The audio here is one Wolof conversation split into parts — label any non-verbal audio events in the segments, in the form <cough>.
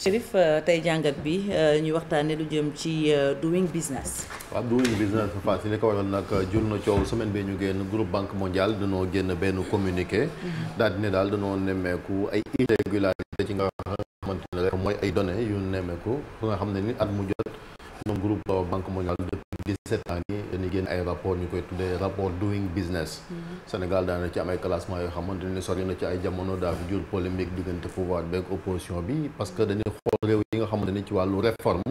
Chérif euh, tey jàngat bi euh, ñu waxtaanee lu jëm ci euh, doing business. waaw doing business Fatou si li ko na nag jur na coow semaine bi ñu génn groupe banque mondiale danoo génn benn communiqué. Mhm. daal di ne daal danoo nemmeeku ay irrégularité ci nga xamante ne rek mooy ay données yu nemmeeku nga xam ne ni at mu jot moom groupe banque mondiale. di cette année dañuy génn ay rapport ñu koy tuddee rapport doing business mm-hmm. Sénégal daana ci am classement yoo xamante ne sori na ci ay jamono daal di jur polémique diggante pouvoir beeg opposition bi parce que dañuy xool réew yi nga xamante ni ci wàllu réforme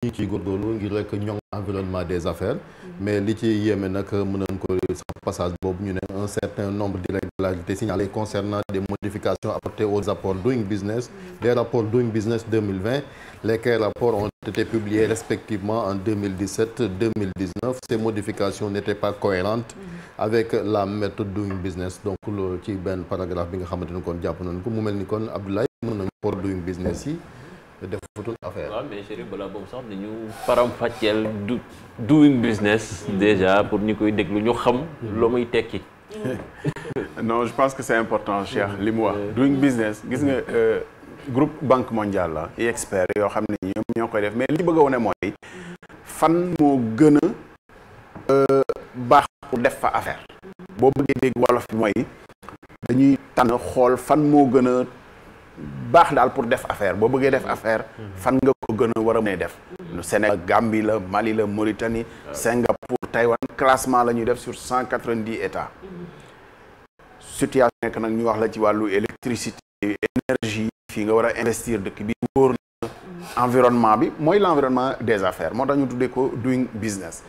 ci ciy góorgóorlu ngir rek ñoŋ environnement des affaires mm-hmm. mais li ci yéeme nag mën nañ ko boobu ñu ne un certain nombre d'irrégularités signalées concernant des modifications apportées aux rapports Doing Business des mm-hmm. rapports Doing Business 2020 lesquels rapports ont été publiés respectivement en 2017 2019 ces modifications n'étaient pas cohérentes mm-hmm. avec la méthode Doing Business donc loolu ci benn paragraphe bi nga xamante ni kon jàpp nañu ko mu mel ni kon Abdoulaye mën nañu rapport Doing defutul affaire. waaw mais Chérif balaa boobu sax dañu faram-fàcceel du doing business déjà pour ñu koy déglu ñu xam loo muy tekki. <laughs> non je pense que c'est important Cheikh li mu wax doing business gis nga euh, groupe banque mondiale la i expert yoo xam ne ñoom ñoo koy def mais li bëgg a wone mooy fan moo gën euh, baax pour def fa affaire boo bëggee dégg wolof bi mooy dañuy tànn xool fan moo gën a baax daal pour def affaire boo bëggee def mm-hmm. affaire mm-hmm. fan nga ko gën a war a mën def Sénégal Gambie la Mali la Mauritanie Singapour Taïwan classement la ñuy def sur cent quatre-vingt-dix états mm-hmm. situation nekk nag ñu wax la ci wàllu électricité énergie fii nga war a investir dëkk bi wóor na environnement bi mooy l'environnement des affaires moo tax ñu tuddee ko doing business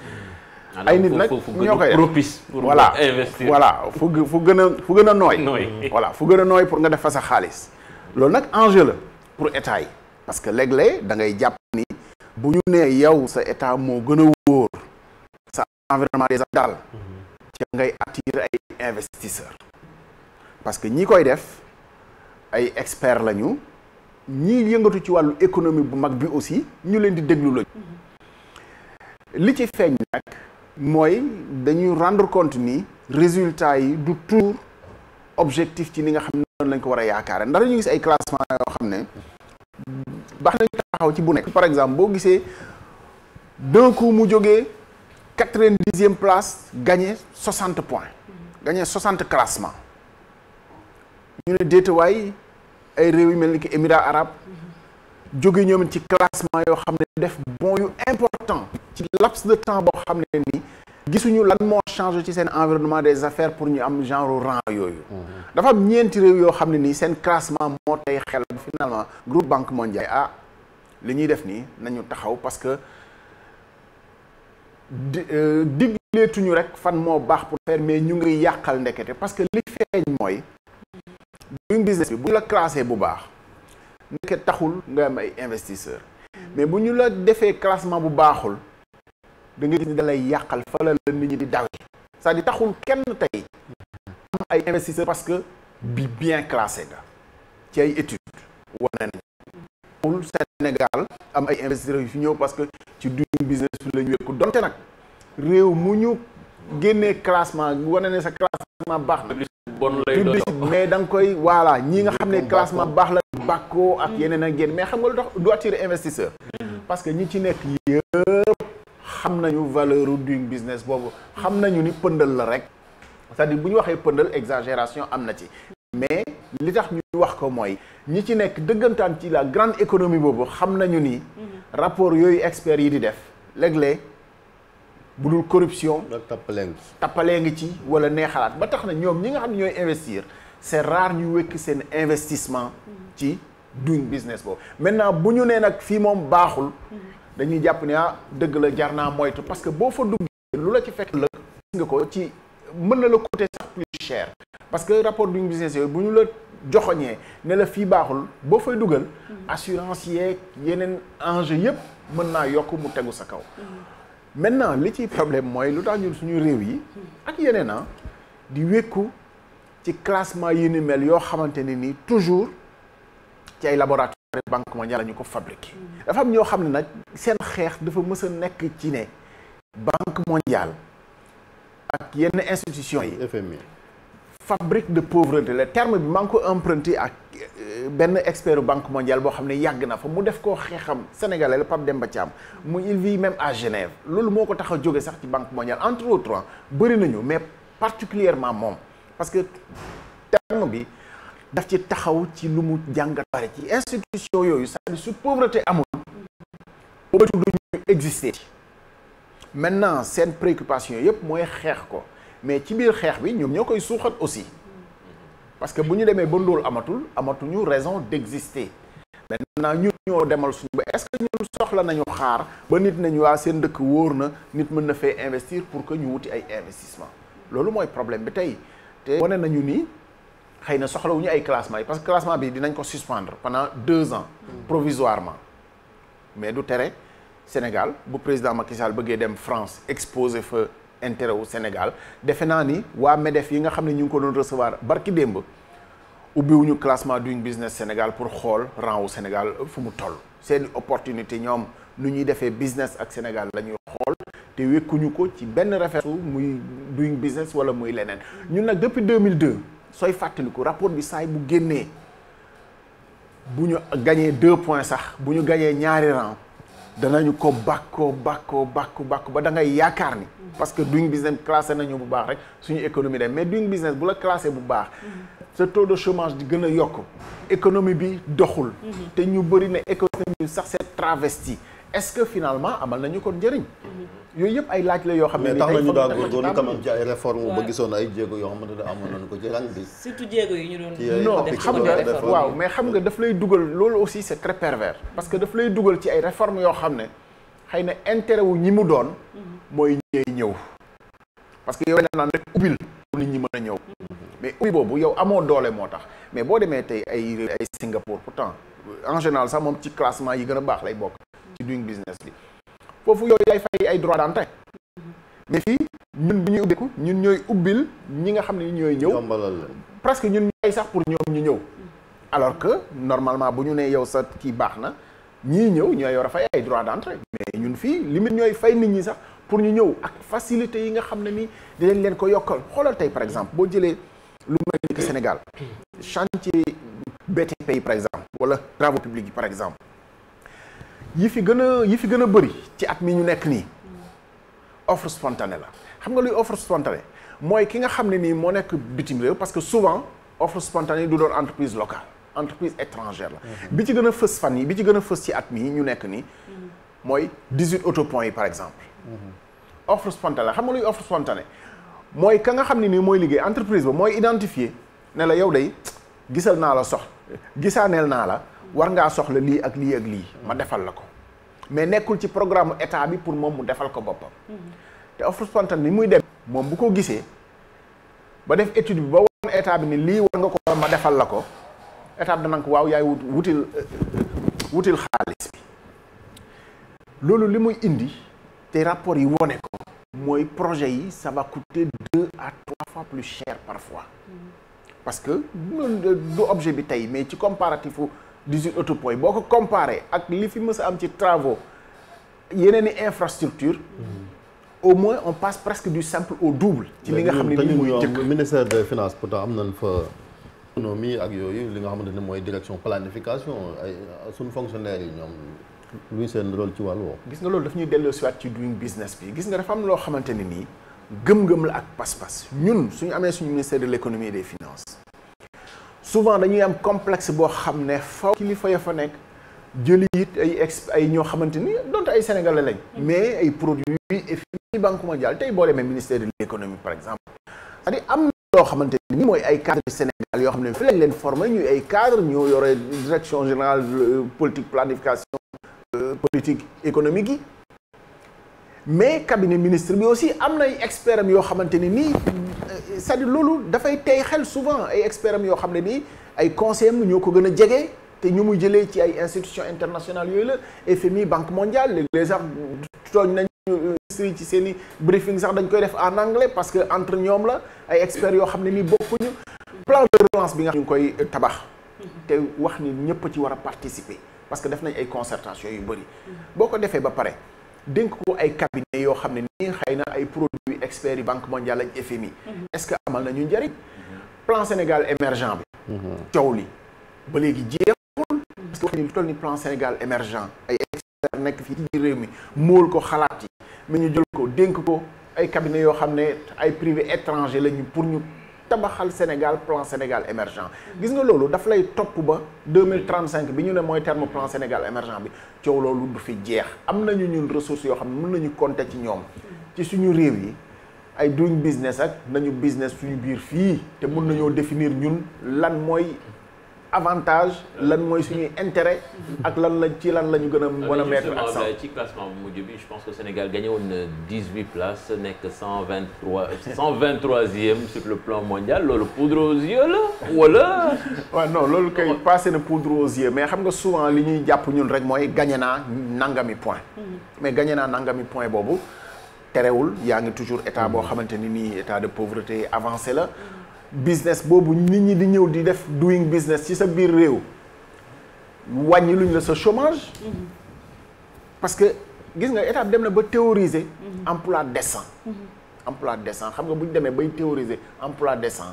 ay nit nag ñoo koy propice pour voilà investir voilà fu fu gën a fu gën a nooy <laughs> voilà fu gën nooy pour nga def fa sa xaalis loolu nag enjeu la pour état yi parce que léeg-léeg da ngay jàpp ni bu ñu nee yow sa état moo gën a wóor sa environnement des affaires daal ci ngay attirer ay investisseurs parce que ñi koy def ay experts lañu ñi yëngatu ci wàllu économie bu mag bi aussi ñu leen di déglu lañu li ci feeñ nag mooy dañuy rendre compte ni résultat yi du toujours objectif ci ni nga xam ne noonu lañ ko war a yaakaare ndax ñu gis ay classement yoo xam ne baax nañ taxaw ci bu nekk par exemple boo gisee d'un coup mu jógee quatre-vingt-dixième place gagné soixante points gagné soixante classement ñu ne déetawaay ay réew yu mel ni ki émirats arabes jóge ñoom ci classement yoo xam ne def bon yu important ci laps de temps boo xam ne nii gisuñu lan moo changé ci seen environnement des affaires pour ñu am genre rang yooyu dafa am ñeenti réew yoo xam ne nii seen classement moo tey xel finalement groupe banque mondiale ah li ñuy def nii nañu taxaw parce que euh, digleetuñu rek fan moo baax pour faire ñu ngi yàqal ndekete parce que li feeñ mooy duñ business bi bu la classé bu baax ndeket taxul nga am ay investisseurs mais bu ñu la defee classement bu baaxul da gis ni da lay yàqal fa la la nit ñi di dawe cest à taxul kenn tey am ay investisseurs parce que bi bien classé nga ci ay études wane nañ taxul Sénégal am ay investisseurs yu fi ñëw parce que ci doing business fi la ñu donte nag réew mu ñu génnee classement wane ne sa classement baax na bon lay mais danga koy voilà ñi nga xam ne classement baax la bàkkoo ak yeneen ak yeneen mais xam nga lu tax du investisseur mm-hmm. parce que ñi ci nekk yëpp xam nañu valeur doing business boobu xam nañu ni pëndal la rek cest à bu ñu waxee pëndal exagération am na ci mais li tax ñu wax ko mooy ñi ci nekk dëggantaan ci la grande économie boobu xam nañu ni rapport yooyu experts yi di def léeg bu dul corruption tappalee ngi ci wala neexalaat ba tax na ñoom ñi nga xam ne ñooy investir c'est rare ñu wekk seen investissement ci doing business boobu maintenant bu ñu nee nag fii moom baaxul dañuy jàpp ne ah dëgg la jar naa moytu parce que boo fa duggee lu la ci fekk la gis nga ko ci mën na la coûter sax plus cher parce que rapport du business yooyu bu ñu la joxoñee ne la fii baaxul boo fay dugal assurance yeeg yeneen enjeu yëpp mën naa yokk mu tegu sa kaw maintenant li ci problème mooy lu tax ñun suñu réew yi ak yeneen a ah di wékku ci classement yu ni mel yoo xamante ne nii toujours ci ay laboratoire banque mondiale ñu ko fabriqué dafa am ñoo xam ne nag seen xeex dafa mës nekk ci ne banque mondiale ak yenn institution yi FMI fabrique de pauvreté le terme bi maa ngi ko emprunté ak euh, benn expert banque mondiale boo xam ne yàgg na fa mu def koo xeexam sénégalais la Pape Demba Thiam mu il même à Genève loolu moo ko tax a jóge sax ci banque mondiale entre autres bëri nañu mais particulièrement moom parce que terme bi daf ci taxaw ci lu mu jàngat pare ci institution yooyu c'est-à-dire su pauvreté maintenant seen préoccupation yëpp mooy xeex ko mais ci biir xeex bi ñoom ñoo koy suuxat aussi parce que bu ñu demee ba ndóol amatul amatuñu raison d'exister maintenant ñu ñoo demal suñu ba est-ce que soxla nañu xaar ba nit nañu waa seen dëkk wóor na nit mën na fee investir pour que ñu wuti ay investissement loolu mooy problème bi tey te wane nañu ni xëy na soxlawuñu ay classement yi parce que classement bi dinañ ko suspendre pendant deux ans provisoirement mais du tere Sénégal bu président Macky bëggee dem France exposé fa intérêt wu Sénégal defe naa ni waa MEDEF yi nga xam ne ñu ngi ko doon recevoir barki démb ubbiwuñu classement Doing Business Sénégal pour xool rang wu Sénégal fu mu toll seen opportunité ñoom nu ñuy defee business ak Sénégal la xool te wekkuñu ko ci benn référence muy Doing Business wala muy leneen ñun nag depuis 2002 sooy fàttaliku rapport bi saay bu génnee bu ñu gañee deux points sax bu ñu gañee ñaari rang danañu ko bàkkoo bàkkoo bàkku bàkku ba da ngay yaakaar ni parce que doing business classé nañu bu baax rek suñu économie dem mais doing business bu la classé bu baax ce taux de chômage di gën a yokk économie bi doxul te ñu bëri ne économie bi sax c'est travesti est-ce que finalement amal nañu ko njëriñ yooyu yëpp ay laaj la yoo xam ne tax na ñu daa góorgóorlu quand même ci ay réforme ba gisoon ay jéego yoo xamante ne amoon nañu ko ci rang bi surtout jéego yi xam nga waaw mais xam nga daf lay dugal loolu aussi c'est très pervers mm-hmm. parce que daf lay dugal ci ay réforme yoo xam ne xëy na intérêt wu ñi mu doon mm-hmm. mooy ñey ñëw parce que yow la naan rek ubbil mën a ñëw mm-hmm. mais ubbi boobu yow amoo doole moo tax mais boo demee tey ay ay Singapour pourtant temps général sax moom ci classement yi gën a baax lay bokk ci doing business bi foofu yooyu yaay fay ay droit d'entrée mais fii ñun bu ñuy ubbeeku ñun ñooy ubbil ñi nga xam ne ñooy ñëw presque ñun ñooy sax pour ñoom ñu ñëw alors que normalement bu ñu nee yow sa kii baax na ñii ñëw ñooy war a fay ay droit d'entrée mais ñun fii limite ñooy fay nit ñi sax pour ñu ñëw ak facilité yi nga xam ne ni di leen ko yokkal xoolal tey par exemple boo jëlee lu mel ni que Sénégal chantier BTP yi par exemple wala travaux publics yi par exemple yi fi gën a yi fi gën a bëri ci at mi ñu nekk nii offre spontanée la xam nga luy offre spontanée mooy ki nga xam ne nii moo nekk bitim réew parce que souvent offre du doon entreprise locale entreprise étrangère la. Mhm. bi ci gën a fës fan yi bi ci gën a fës ci at mi ñu nekk nii. Mhm. mooy 18 autopont yi par exemple. Mhm. offre spontanée la xam nga luy offre spontanée mooy ka nga xam ne nii mooy liggéey entreprise ba mooy identifie ne la yow de gisal naa la sox gisaaneel naa la. war ngaa soxla lii ak lii ak lii ma defal la ko mais nekkul ci programme état bi pour moom mu defal ko boppam. te offre spontanée ni muy dem moom bu ko gisee ba def étude bi ba woon état bi ni lii war nga ko ma defal la ko état bi dana ko waaw yaay wut wutil euh, wutil xaalis bi loolu li muy indi te rapport yi wone ko mooy projet yi ça va coûter deux à trois fois plus cher parfois mm-hmm. parce que du objet bi tey mais ci comparatif 18 autopoint boo ko comparé ak li fi mës a am ci travaux yeneen i infrastructure mm-hmm. au moins on passe presque du simple au double ci li nga xam ne ni mooy jëkk ministère des finances pourtant am nañ fa économie ak yooyu li nga xamante ne mooy direction planification ay suñ fonctionnaires yi ñoom luy seen rôle ci wàllu woowu gis nga loolu daf ñuy delloo siwaat ci doing business bi gis nga dafa am loo xamante ne nii gëm-gëm la ak pas-pas ñun suñu amee suñu ministère de l' de et des finances souvent dañuy am complexe boo xam ne faw kilifa ya fa nekk jëli it ay ex ay ñoo xamante ni donte ay sénégalais lañ. Mm. mais ay produits et fii banque mondiale tey boo demee ministère de l'économie par exemple. c'est-à-dire am na loo xamante ni mooy ay cadres Sénégal yoo xam ne fi lañ leen formé ñuy ay cadres ñoo yore direction générale euh, politique planification euh, politique économique yi. mais cabinet ministre bi aussi am na ay experts yoo xamante ne nii euh, cest loolu dafay tey xel souvent ay experts yoo xam ne nii ay conseils am ñoo ko gën a jege te ñu muy jëlee ci ay institutions internationales yooyu la FMI Banque mondiale léeg-léeg sax tooñ nañ euh, ministres yi ci seen i briefing sax dañ koy def en anglais parce que entre ñoom la ay experts yoo xam ne nii bokkuñu plan de relance bi nga xam ñu koy euh, tabax te wax ni ñëpp ci war a participer parce que def nañ ay concertation yu bëri mm-hmm. boo ko defee ba pare dénk ko ay cabinet yoo xam ne nii xëy na ay produits experts yi banque mondiale ak FMI. Mhm. est amal na ñu njëriñ. Mhm. plan Sénégal émergent bi. Mhm. coow li ba léegi jeexul. parce que wax ni lu toll ni plan Sénégal émergent ay experts nekk fii ci réew mi mool ko xalaat yi mais ñu jël ko dénk ko ay cabinet yoo xam ne ay privé étranger lañu pour ñu. tabaxal Sénégal plan Sénégal émergent gis nga loolu dafa lay topp ba 2035 bi ñu ne mooy terme plan Sénégal émergent bi coow loolu du fi jeex am na ñu ñun ressources yoo xam ne mën nañu compter ci ñoom ci suñu réew yi ay doing business ak nañu business ñu biir fii te mën nañoo définir ñun lan mooy avantage lan mooy suñuy intérêt ak lan la ci lan la ñu gën a mën a euh, mettre accent euh, ci classement bu mujj bi je Sénégal gagné woon na 18 places nekk 123 123e sur le plan mondial loolu poudre aux yeux la wala waaw non loolu kay passé na poudre aux yeux mais xam nga souvent li ñuy jàpp ñun rek mooy gagné naa nangami point mhm. mais gagné naa nangami point boobu terewul yaa ngi toujours état boo xamante ni nii état de pauvreté avancé la mhm. business boobu nit ñi di ñëw di def doing business ci sa biir réew wàññi luñ la sa chômage parce que gis nga état dem na ba théoriser emploi décent emploi décent xam nga bu ñu demee bay théoriser emploi décent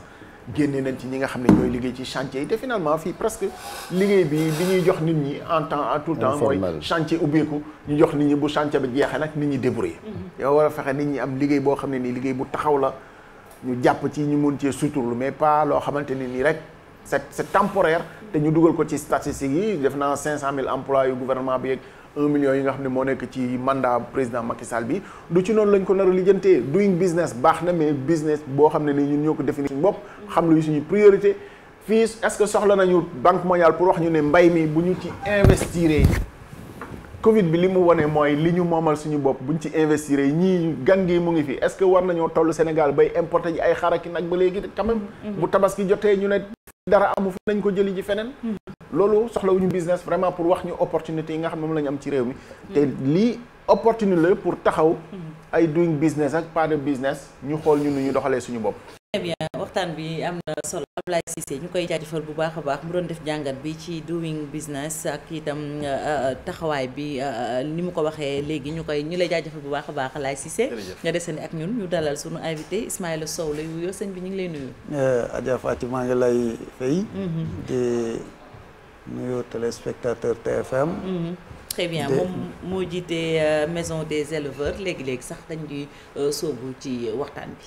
génne nañ ci ñi nga xam ne ñooy liggéey ci chantier yi te finalement fii presque liggéey bi bi ñuy jox nit ñi en temps en tout temps mooy chantier ubbeeku ñu jox nit ñi bu chantier bi jeexee nag nit ñi débrouiller mm-hmm. yow war a fexe nit ñi am liggéey boo xam ne nii liggéey bu taxaw la ñu jàpp ci ñu mun cee suturlu mais pas loo xamante ni nii rek c'est c'est temporaire te ñu dugal ko ci statistiques yi def naa cinq cent mille emplois yu gouvernement bi yeeg un million yi nga xam ne moo nekk ci mandat président Macky Sall bi du ci noonu lañ ko nar a lijjantee doing business baax na mais business boo xam ne ni ñun ñoo ko définir suñu bopp xam luy suñu priorité fii est-ce que soxla nañu banque mondiale pour wax ñu ne mbay mi bu ñu ci investir Covid bi li mu wone mooy li ñu moomal suñu bopp buñ ci investir ñii gan gi mu ngi fi est-ce que war nañoo tollu Sénégal bay importer ji ay xaraki nag ba léegi quand même. Mm-hmm. bu tabaski jotee ñu ne dara amu fi nañ ko jëli ji feneen. Mm-hmm. loolu soxlawuñu business vraiment pour wax ñu opportunité yi nga xam ne moom la am ci réew mi. Mm-hmm. te lii opportunité la pour taxaw. ay doing business ak pas de business ñu xool ñu nu ñu doxalee suñu bopp. très bien waxtaan bi am na solo Ablaye Cissé ñu koy jaajëfal bu baax a baax mu doon def jàngat bi ci doing business ak itam euh, euh, taxawaay bi euh, ni mu ko waxee léegi ñu koy ñu lay jaajëfal bu baax a baax Ablaye Cissé nga desandi ak ñun ñu dalal suñu invité Ismaïla Sow la yu yoo sëñ bi ñu ngi lay nuyu Adja Fatima ngi lay fay mm-hmm. di nuyu téléspectateur TFM mm-hmm. très bien moom moo jiite maison des éleveurs léegi-léegi sax dañ di soobu ci waxtaan bi